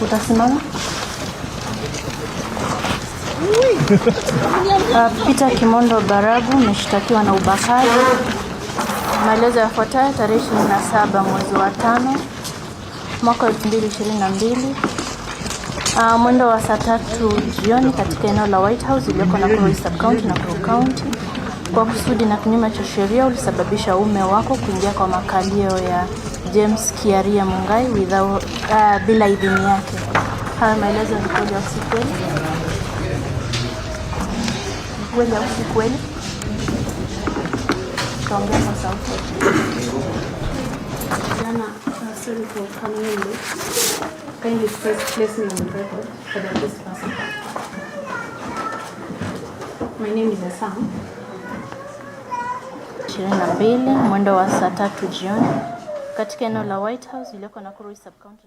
Utasimama? Uh, Peter Kimondo Baragu ameshtakiwa na ubakaji. Maelezo yafuatayo: tarehe 27 mwezi wa tano mwaka 2022 Uh, mwendo wa saa tatu jioni katika eneo la White House iliyoko Nakuru East County, Nakuru County, kwa kusudi na kinyume cha sheria ulisababisha ume wako kuingia kwa makalio ya James Kiaria Mungai without, uh, bila idhini yake. Haya maelezo ni kweli au si kweli? Kweli au si kweli? kwa sauti. Jana sorry for record for the first My name is Asam. 22 mwendo wa saa tatu jioni katika eneo la mm. White House iliyoko Nakuru East Sub-County